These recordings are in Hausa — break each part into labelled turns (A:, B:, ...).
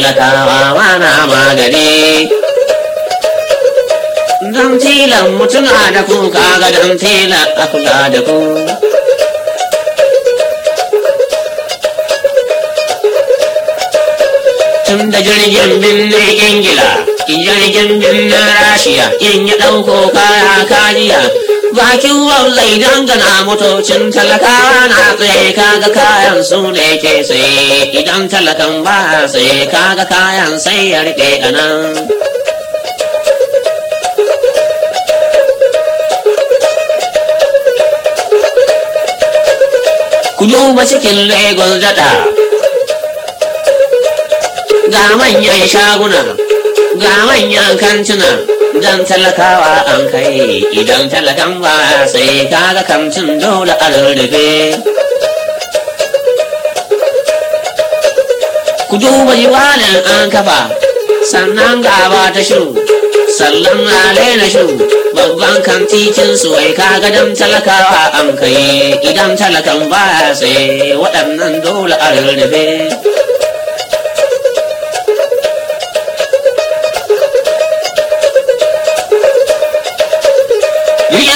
A: talakawa mana magani don tilan mutum a da kuka, kaga don tila a kula da ku tun da jirgin birnin ingila jirgin birnin rashiya in ya ɗauko kaya kajiya bakin wallai dangana motocin talakawa na tsaye kaga kayan su ne ke tsaye idan talakan ba tsaye kaga kayan sai ya rike anan. ku duba cikin lagos daɗa. ga manyan shaguna ga manyan kantuna dan talakawa an kai idan talakan ba sai kaga kamcin dole a lullube ku duba walin an kafa sannan gaba ta shiru sallan na shiru babban titin su wai ga dan talakawa an kai idan talakan ba sai waɗannan dole a lullube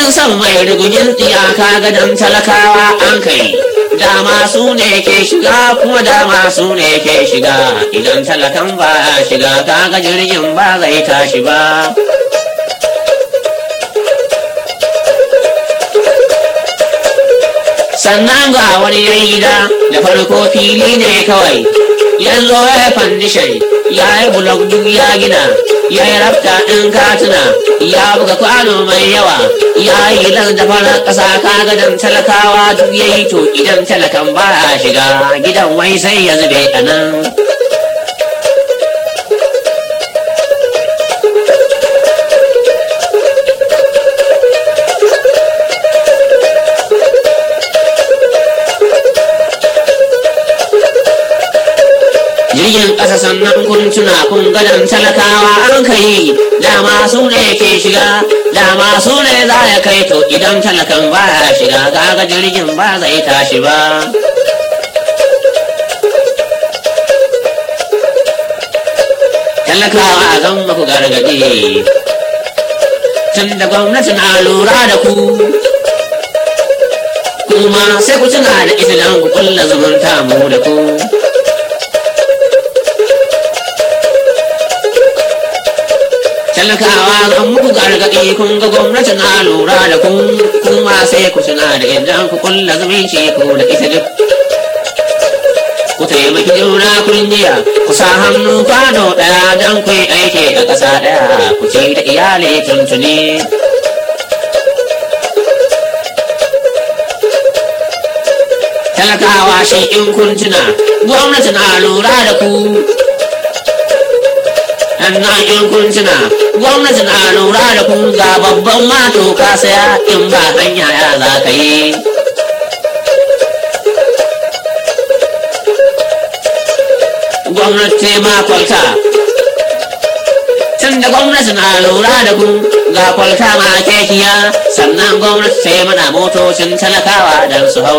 A: Yan san mai rigugin tsiyaka ga gadon talakawa an kai. Dama su ne ke shiga kuma dama su ne ke shiga. Idan talakan ba shiga kaga jirgin ba zai tashi ba. Sannan ga wani yayi gida da farko fili ne kawai. yanzu ya yi fandishai ya yi bulok duk ya gina ya yi rafta ɗin katina ya buga kwano mai yawa ya yi lan da farar ƙasa ka dan talakawa duk ya yi to idan talakan ba a shiga gidan wai sai ya zube a nan yin ƙasa sannan kun tuna kun gadon talakawa an kai dama su ne ke shiga dama su ne za ya kai to idan talakan ba ya shiga kaga jirgin ba zai tashi ba talakawa zan ku gargaɗi tun da gwamnati na lura da ku kuma sai ku tuna da ita don ku ƙulla zumunta mu da ku talakawa an muku gargaɗi kun ga gwamnati na lura da kun kuma sai ku tuna da yadda ku kulla zumunci ko da ita duk ku taimaki juna kun ku sa hannu kwano ɗaya don ku yi aiki a ƙasa ɗaya ku ce da iyali tuntuni talakawa shi in kun tuna gwamnati na lura da ku waɗannan in kun gwamnati na lura da ku ga babban mato ka saya in ba hanyaya ya za ka yi gwamnati ma kwalta tun da gwamnati na lura da ku ga kwalta ma kekiya sannan gwamnati ta yi mana motocin talakawa don su hau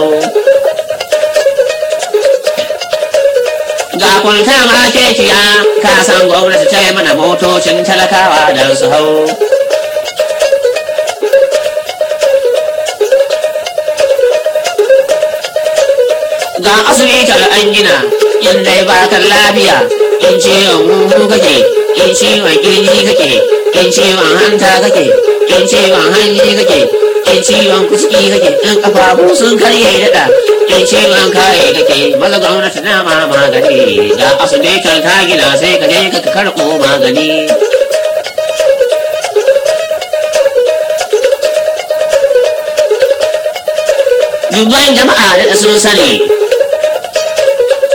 A: ga kwanta ma ke kiya ka san gwamnati ta yi mana motocin talakawa don su hau ga asibitar an gina in dai bakar lafiya in ciwon huhu kake in ciwon kirji kake in ciwon hanta kake in ciwon hanji kake kai ciwon kuski kake ɗan ƙafafu sun karye daɗa kai ciwon kaye kake maza gwamnati na ma magani da asibitin ta gina sai ka je ka karɓo magani. Dubban jama'a da sun sani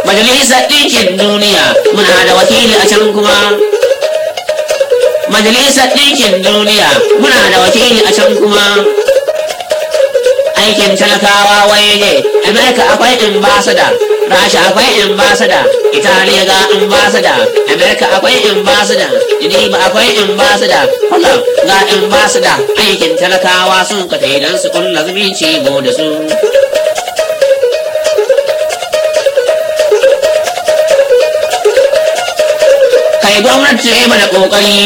A: Majalisar Ɗinkin Duniya muna da wakili a can kuma Majalisar Ɗinkin Duniya muna da wakili a can kuma aikin talakawa waye america akwai ambassador rasha akwai ambassador italiya ga ambassador america akwai ambassador geneva akwai ambassador kullum ga ambassador aikin talakawa sun ka taidan su kulla zumunci go da su kai gwamnati mana kokari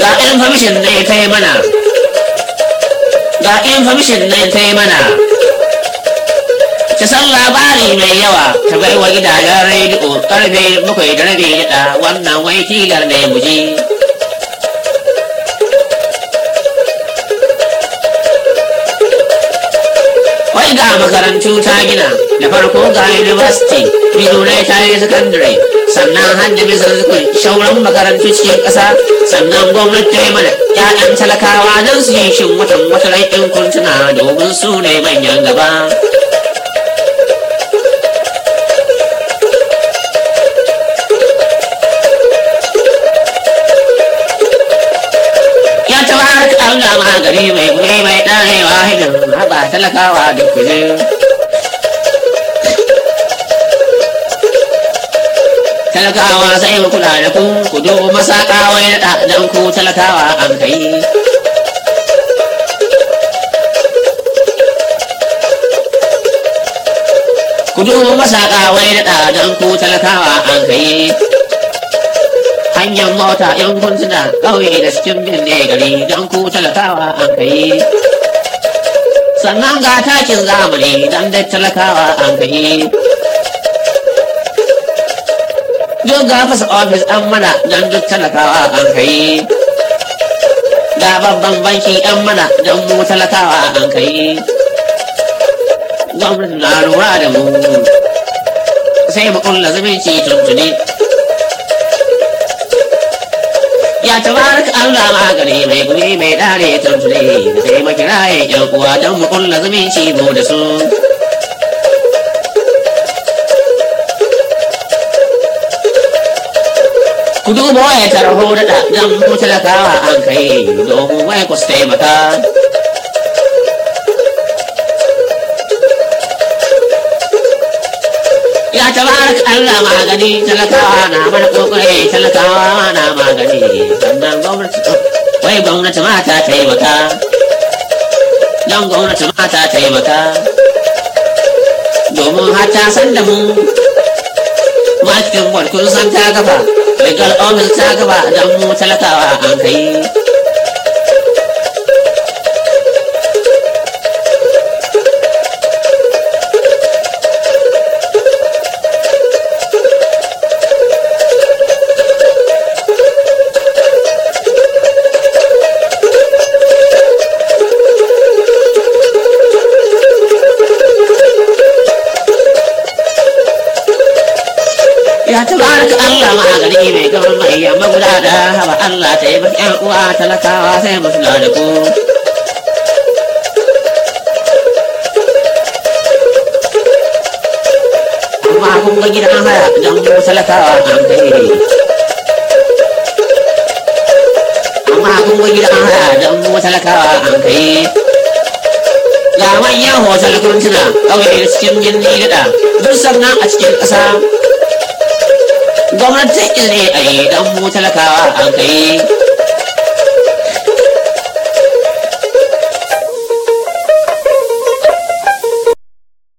A: ga information da ya kai mana ga information na ta yi mana ta san labari mai yawa ta bai wa gidajen rediyo karfe bakwai da rabe da wannan wai da ya buji wai ga makarantu ta gina da farko ga university biyu na ta yi secondary sannan har da bizar shauran makarantu cikin ƙasa sannan gwamnati ta yi mana ƴaƴan talakawa don su yi shin watan wata rai kuntuna domin su ne manyan gaba. Ya taɓa harkar gama gari mai gure mai ɗarewa hidin haɓa talakawa da kuje. talakawa sai ku kula da ku ku do masaka wai da dan ku talakawa an kai ku do masaka wai da dan ku talakawa an kai hanyar mota yan gunsuna ƙauye da cikin ne gari dan ku talakawa an kai sannan ga takin zamani dan da talakawa an kai Yau ga fasa ofis an mana don duk talakawa a hankali. Ga babban banki an mana don mu talakawa a hankali. Gwamnati na lura da mu. Sai mu kulla zumunci tuntuni. Ya tabaraka Allah magani mai guri mai dare tuntuni. Sai mu kiraye yan kuwa don mu kulla zumunci mu da su. ku duba waya da daɗa don ku talakawa an kai domin wai ku su taimaka ya tabarak Allah magani talakawa na mana kokare talakawa na magani sannan gwamnati wai gwamnati ma ta taimaka don gwamnati ma ta taimaka domin har ta san da mu ma cikin kun san ta kafa Rigar ofis ta gaba don mu talakawa an kai. barka Allah ma gari mai gaban mai yamma guda da haba Allah ta yi yan uwa talakawa sai mu suna da ku. Amma kun ga gidan haya don mu talakawa an kai. Amma kun ga gidan haya don mu talakawa an kai. Ga manyan hotel kuntuna, ƙauye cikin gindi gida, duk sannan a cikin ƙasa gwamnati ne a yi dan mu talakawa an kai